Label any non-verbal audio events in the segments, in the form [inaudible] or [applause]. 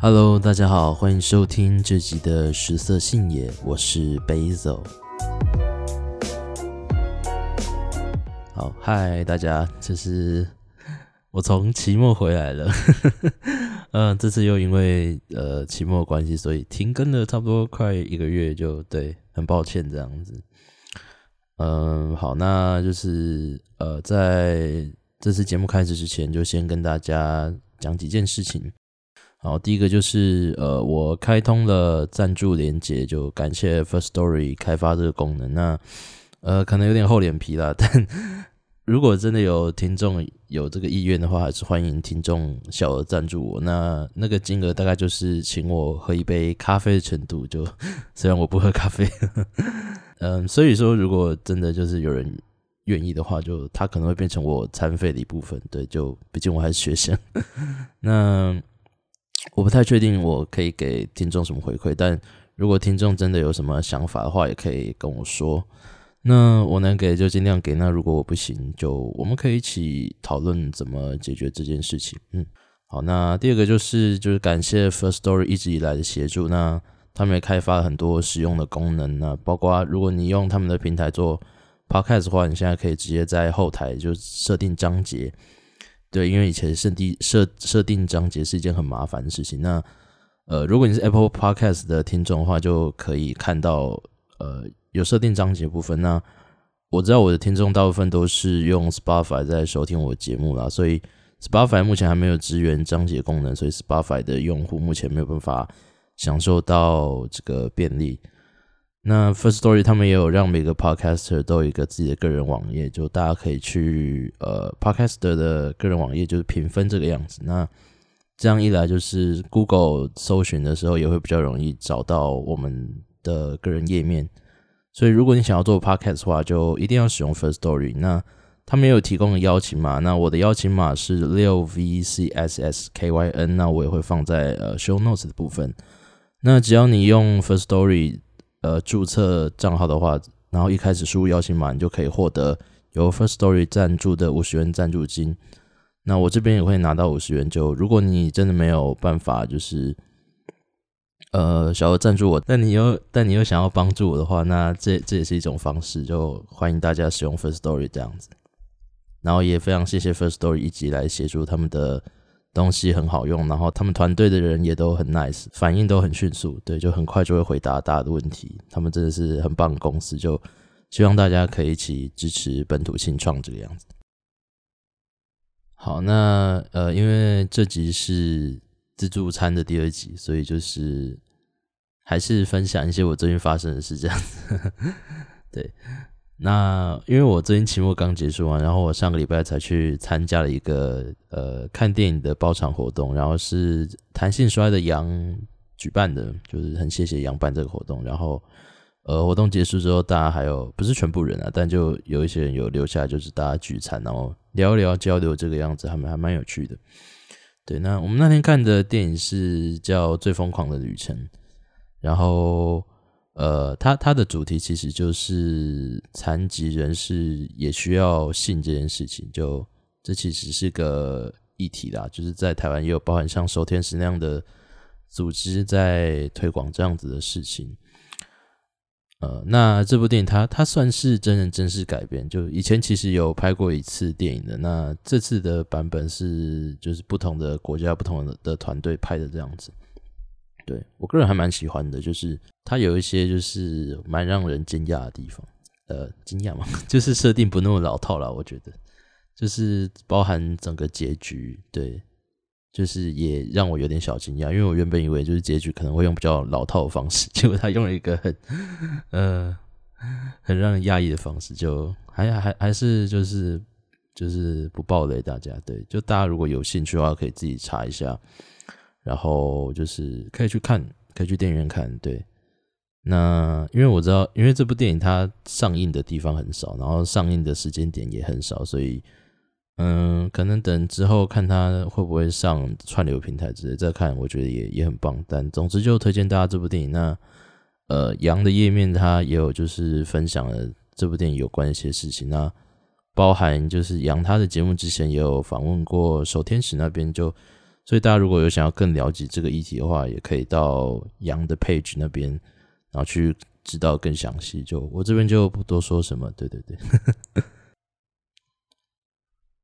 Hello，大家好，歡迎收聽這集的十色信也，我是 b 北 l 好嗨，Hi, 大家，這是我從期末回來了。呵呵呵，嗯，這次又因為呃期末關係，所以停更了差不多快一個月就，就對，很抱歉這樣子。嗯、呃，好，那就是呃在這次節目開始之前，就先跟大家講幾件事情。好，第一個就是呃，我開通了贊助連結，就感謝 First Story 開發這個功能。那呃，可能有點厚臉皮啦，但如果真的有聽眾有這個意願的話，還是歡迎聽眾小額贊助我。那那個金額大概就是請我喝一杯咖啡的程度，就雖然我不喝咖啡呵呵。嗯，所以說如果真的就是有人願意的話，就它可能會變成我餐費的一部分。對，就畢竟我還是學生。那我不太確定我可以給聽眾什麼回饋，但如果聽眾真的有什麼想法的話，也可以跟我說。那我能給就盡量給，那如果我不行，就我們可以一起討論怎麼解決這件事情。嗯，好。那第二個就是就是感謝 First Story 一直以來的協助，那他們也開發了很多實用的功能，那包括如果你用他們的平台做 Podcast 的話，你現在可以直接在後台就設定章節。對，因為以前設定設設定章節是一件很麻煩的事情。那呃，如果你是 Apple Podcast 的聽眾的話，就可以看到呃有設定章節的部分。那我知道我的聽眾大部分都是用 Spotify 在收聽我的節目啦，所以 Spotify 目前還沒有支援章節的功能，所以 Spotify 的用戶目前沒有辦法享受到這個便利。那 First Story 他們也有讓每個 Podcaster 都有一個自己的個人網頁，就大家可以去呃 Podcaster 的個人網頁，就是評分這個樣子。那這樣一來，就是 Google 搜尋的時候也會比較容易找到我們的個人頁面。所以如果你想要做 Podcast 的話，就一定要使用 First Story。那他們也有提供的邀請碼，那我的邀請碼是六 VCSSKYN，那我也會放在呃 Show Notes 的部分。那只要你用 First Story。呃，注冊賬號的話，然後一開始輸入邀請碼，你就可以獲得由 First Story 贊助的五十元贊助金。那我這邊也會拿到五十元。就如果你真的沒有辦法，就是呃小額贊助我，但你又但你又想要幫助我的話，那這這也是一種方式。就歡迎大家使用 First Story 這樣子，然後也非常謝謝 First Story 一直來協助他們的。東西很好用，然後他們團隊的人也都很 nice，反應都很迅速，對，就很快就會回答大家的問題。他們真的是很棒的公司，就希望大家可以一起支持本土新創這個樣子。好，那呃，因為這集是自助餐的第二集，所以就是還是分享一些我最近發生的事這樣子 [laughs] 對。那因為我最近期末剛結束完、啊，然後我上個禮拜才去參加了一個呃看電影的包場活動，然後是談性說愛的揚舉辦的，就是很謝謝揚辦這個活動。然後呃活動結束之後，大家還有，不是全部人啊，但就有一些人有留下，就是大家聚餐，然後聊一聊交流這個樣子，他們還蠻有趣的。對，那我們那天看的電影是叫《最瘋狂的旅程》，然後。呃，他他的主題其實就是殘疾人士也需要性這件事情，就這其實是個議題啦。就是在台灣也有包含像手天使那樣的組織在推廣這樣子的事情。呃，那這部電影它它算是真人真事改編，就以前其實有拍過一次電影的，那這次的版本是就是不同的國家、不同的團隊拍的這樣子。對，我個人還蠻喜歡的，就是它有一些就是蠻讓人驚訝的地方，呃，驚訝嘛，就是設定不那麼老套啦。我覺得，就是包含整個結局，對，就是也讓我有點小驚訝，因為我原本以為就是結局可能會用比較老套的方式，結果他用了一個很，呃，很讓人壓抑的方式，就還還還是就是就是不暴雷大家，對，就大家如果有興趣的話，可以自己查一下。然後就是可以去看，可以去電影院看。對，那因為我知道，因為這部電影它上映的地方很少，然後上映的時間點也很少，所以嗯、呃，可能等之後看它會不會上串流平台之類再，這個、看，我覺得也也很棒。但總之就推薦大家這部電影。那呃，揚的頁面它也有就是分享了這部電影有關的一些事情，那包含就是揚他的節目之前也有訪問過手天使那邊就。所以大家如果有想要更了解這個議題的話，也可以到揚的 page 那邊，然後去知道更詳細。就我這邊就不多說什麼。對對對， [laughs]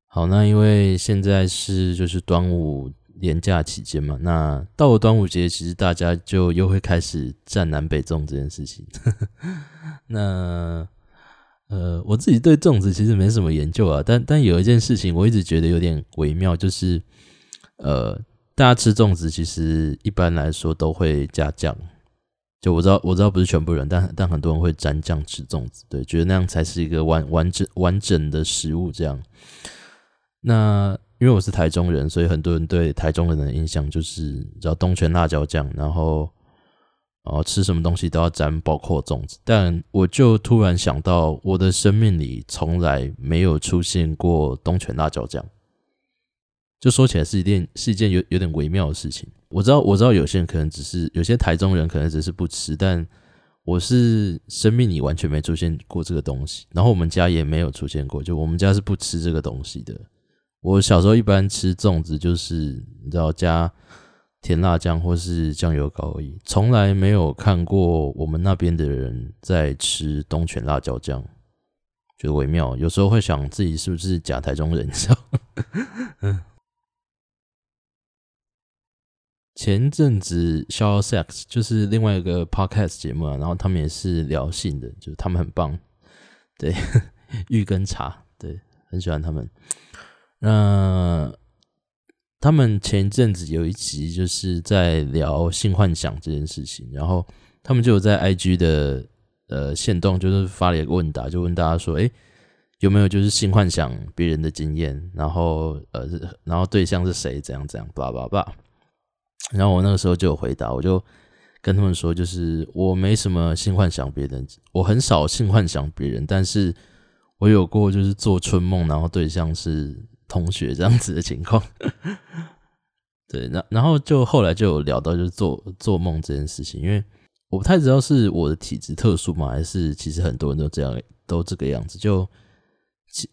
好，那因為現在是就是端午連假期間嘛，那到了端午節，其實大家就又會開始戰南北粽這件事情。 [laughs] 那呃，我自己對粽子其實沒什麼研究啊，但但有一件事情我一直覺得有點微妙，就是。呃，大家吃粽子其實一般來說都會加醬，就我知道我知道不是全部人，但但很多人會沾醬吃粽子，對，覺得那樣才是一個完完整完整的食物這樣。那因為我是台中人，所以很多人對台中人的印象就是你知道東泉辣椒醬，然後然後吃什麼東西都要沾，包括粽子。但我就突然想到，我的生命裡從來沒有出現過東泉辣椒醬。就說起來是一件是一件有有點微妙的事情。我知道我知道有些人可能只是有些台中人可能只是不吃，但我是生命裡完全沒出現過這個東西，然後我們家也沒有出現過，就我們家是不吃這個東西的。我小時候一般吃粽子就是你知道加甜辣醬或是醬油膏而已，從來沒有看過我們那邊的人在吃東泉辣椒醬，覺得微妙。有時候會想自己是不是假台中人，你知道？ [laughs] 前陣子《Shower sex》就是另外一個 podcast 節目啊，然後他們也是聊性的，就是他們很棒，對， [laughs] 玉根茶，對，很喜歡他們。那他們前陣子有一集就是在聊性幻想這件事情，然後他們就有在 IG 的呃限動，就是發了一個問答，就問大家說：“誒，有沒有就是性幻想別人的經驗？然後呃，然後對象是誰？怎樣怎樣？叭叭叭。”然後我那個時候就有回答，我就跟他們說，就是我沒什麼性幻想別人，我很少性幻想別人，但是我有過就是做春夢，然後對象是同學這樣子的情況。 [laughs] 對，那然後就後來就有聊到就是做做夢這件事情，因為我不太知道是我的體質特殊嘛，還是其實很多人都這樣都這個樣子，就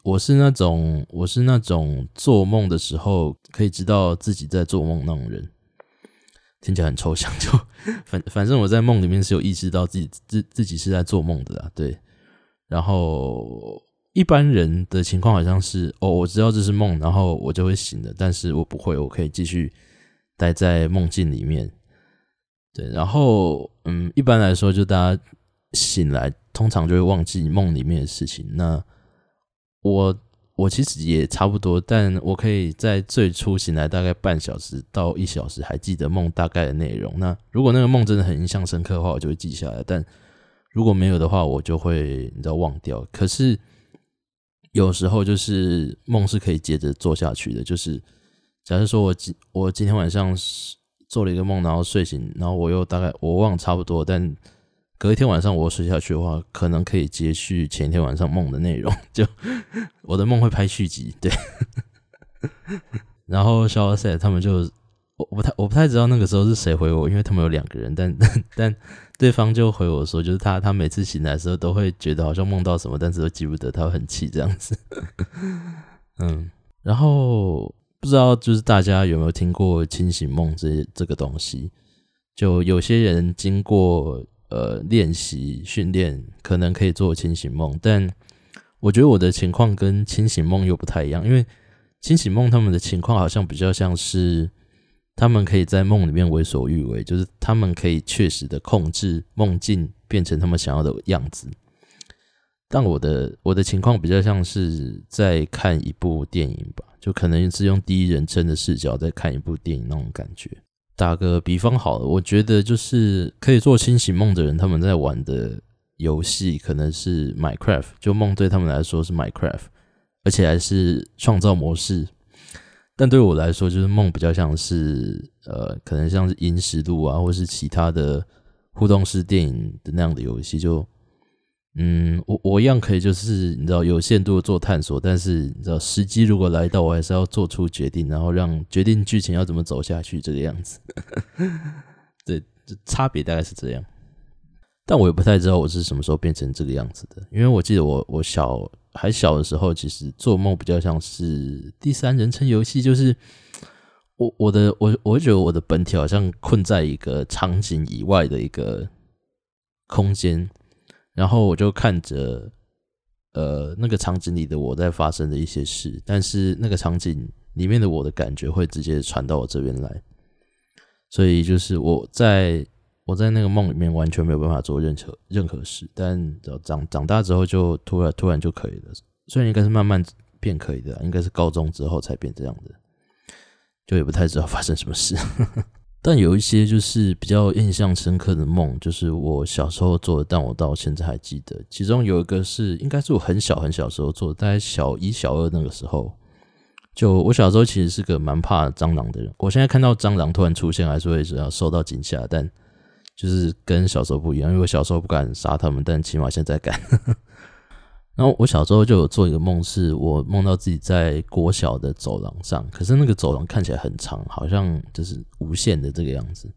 我是那種我是那種做夢的時候可以知道自己在做夢那種人。聽起來很抽象，就反反正我在夢裡面是有意識到自己自自己是在做夢的啦。對，然後一般人的情況好像是哦，我知道這是夢，然後我就會醒了，但是我不會，我可以繼續待在夢境裡面。對，然後嗯，一般來說，就大家醒來通常就會忘記夢裡面的事情。那我。我其實也差不多，但我可以在最初醒來大概半小時到一小時，還記得夢大概的內容。那如果那個夢真的很印象深刻的話，我就會記下來；但如果沒有的話，我就會，你知道，忘掉。可是有時候就是夢是可以接着做下去的，就是假設說我今我今天晚上做了一個夢，然後睡醒，然後我又大概我忘差不多，但。隔一天晚上我睡下去的話，可能可以接續前一天晚上夢的內容。就我的夢會拍續集，對。然後小 s i 他們就我我不太我不太知道那個時候是誰回我，因為他們有兩個人，但但對方就回我說，就是他他每次醒來的時候都會覺得好像夢到什麼，但是都記不得，他會很氣這樣子。嗯，然後不知道就是大家有沒有聽過清醒夢這這個東西？就有些人經過。呃，練習訓練可能可以做清醒夢，但我覺得我的情況跟清醒夢又不太一樣，因為清醒夢他們的情況好像比較像是他們可以在夢裡面為所欲為，就是他們可以確實的控制夢境變成他們想要的樣子。但我的我的情況比較像是在看一部電影吧，就可能是用第一人稱的視角在看一部電影那種感覺。打個比方好了，我覺得就是可以做清醒夢的人，他們在玩的遊戲可能是 Minecraft，就夢對他們來說是 Minecraft，而且還是創造模式。但對我來說，就是夢比較像是，呃，可能像是《陰屍路》啊，或是其他的互動式電影的那樣的遊戲就。嗯，我我一樣可以，就是你知道，有限度的做探索，但是你知道時機如果來到，我還是要做出決定，然後讓決定劇情要怎麼走下去這個樣子。對，就差別大概是這樣。但我也不太知道我是什麼時候變成這個樣子的，因為我記得我我小還小的時候，其實做夢比較像是第三人稱遊戲，就是我我的我我覺得我的本體好像困在一個場景以外的一個空間。然後我就看着，呃，那個場景裡的我在發生的一些事，但是那個場景裡面的我的感覺會直接傳到我這邊來，所以就是我在我在那個夢裡面完全沒有辦法做任何任何事，但長長大之後就突然突然就可以了，雖然應該是慢慢變可以的，應該是高中之後才變這樣的，就也不太知道發生什麼事。 [laughs] 但有一些就是比較印象深刻的夢，就是我小時候做的，但我到現在還記得。其中有一個是，應該是我很小很小時候做的，大概小一小二那個時候。就我小時候其實是個蠻怕蟑螂的人，我現在看到蟑螂突然出現，還是會要受到驚嚇。但就是跟小時候不一樣，因為我小時候不敢殺他們，但起碼現在敢。 [laughs] 然後我小時候就有做一個夢，是我夢到自己在國小的走廊上，可是那個走廊看起來很長，好像就是無限的這個樣子。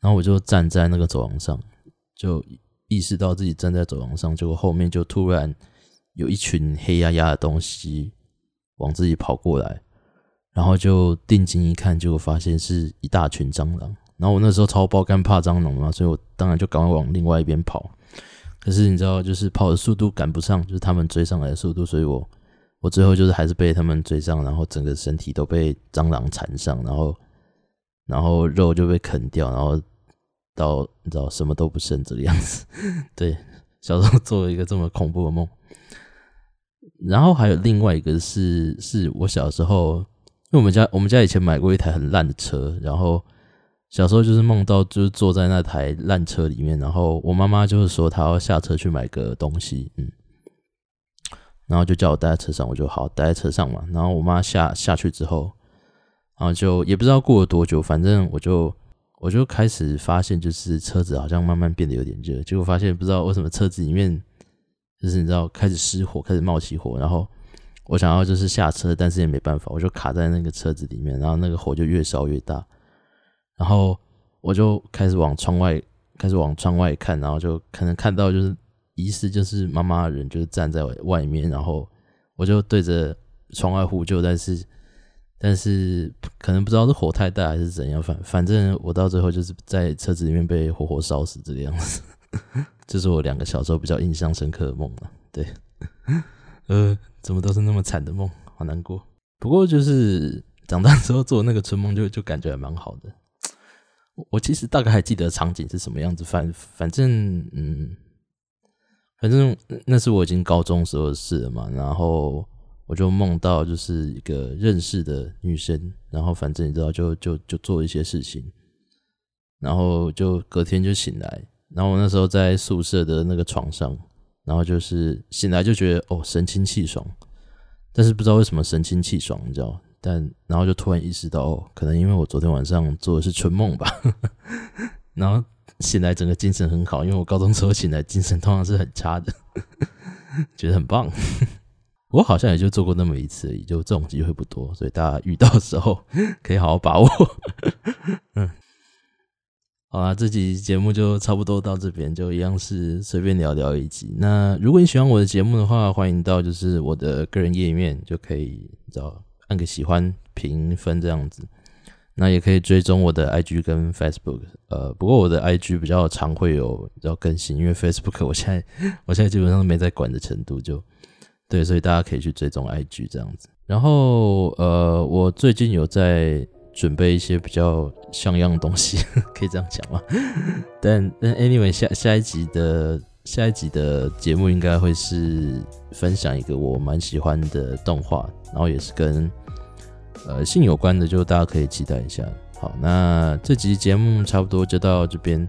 然後我就站在那個走廊上，就意識到自己站在走廊上，結果後面就突然有一群黑壓壓的東西往自己跑過來，然後就定睛一看，結果發現是一大群蟑螂。然後我那時候超爆幹怕蟑螂嘛，所以我當然就趕快往另外一邊跑。可是你知道，就是跑的速度趕不上，就是他們追上來的速度，所以我我最後就是還是被他們追上，然後整個身體都被蟑螂纏上，然後然後肉就被啃掉，然後到你知道什麼都不剩這個樣子。對，小時候做了一個這麼恐怖的夢。然後還有另外一個是，是我小時候，因為我們家我們家以前買過一台很爛的車，然後。小時候就是夢到，就是坐在那台爛車裡面，然後我媽媽就是說她要下車去買個東西，嗯，然後就叫我待在車上，我就好待在車上嘛。然後我媽下下去之後，然後就也不知道過了多久，反正我就我就開始發現，就是車子好像慢慢變得有點熱。結果發現不知道為什麼車子裡面就是你知道開始失火，開始冒起火，然後我想要就是下車，但是也沒辦法，我就卡在那個車子裡面，然後那個火就越燒越大。然後我就開始往窗外開始往窗外看，然後就可能看到就是疑似就是媽媽的人就是站在外面，然後我就對着窗外呼救，但是但是可能不知道是火太大還是怎樣，反反正我到最後就是在車子裡面被活活燒死這個樣子。這、就是我兩個小時候比較印象深刻的夢了，對，呃，怎麼都是那麼慘的夢，好難過。不過就是長大之後做的那個春夢就，就就感覺還蠻好的。我其實大概還記得場景是什麼樣子，反反正嗯，反正那是我已經高中時候的事了嘛。然後我就夢到就是一個認識的女生，然後反正你知道就，就就就做一些事情，然後就隔天就醒來。然後我那時候在宿舍的那個床上，然後就是醒來就覺得哦神清氣爽，但是不知道為什麼神清氣爽，你知道嗎？但，然後就突然意識到，哦，可能因為我昨天晚上做的是春夢吧。 [laughs] 然後醒來，整個精神很好，因為我高中時候醒來精神通常是很差的， [laughs] 覺得很棒。 [laughs] 我好像也就做過那麼一次而已，也就這種機會不多，所以大家遇到的時候可以好好把握。 [laughs] 嗯，好啦，這集節目就差不多到這邊，就一樣是隨便聊聊一集。那如果你喜歡我的節目的話，歡迎到就是我的個人頁面就可以找。你知道按個喜歡、評分這樣子，那也可以追蹤我的 IG 跟 Facebook。呃，不過我的 IG 比較常會有要更新，因為 Facebook 我現在我現在基本上沒在管的程度就，就對，所以大家可以去追蹤 IG 這樣子。然後呃，我最近有在準備一些比較像樣的東西，可以這樣講嗎？但但 anyway，下下一集的。下一集的節目應該會是分享一個我蠻喜歡的動畫，然後也是跟呃性有關的，就大家可以期待一下。好，那這集節目差不多就到這邊，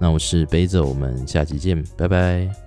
那我是背着，我們下期見，拜拜。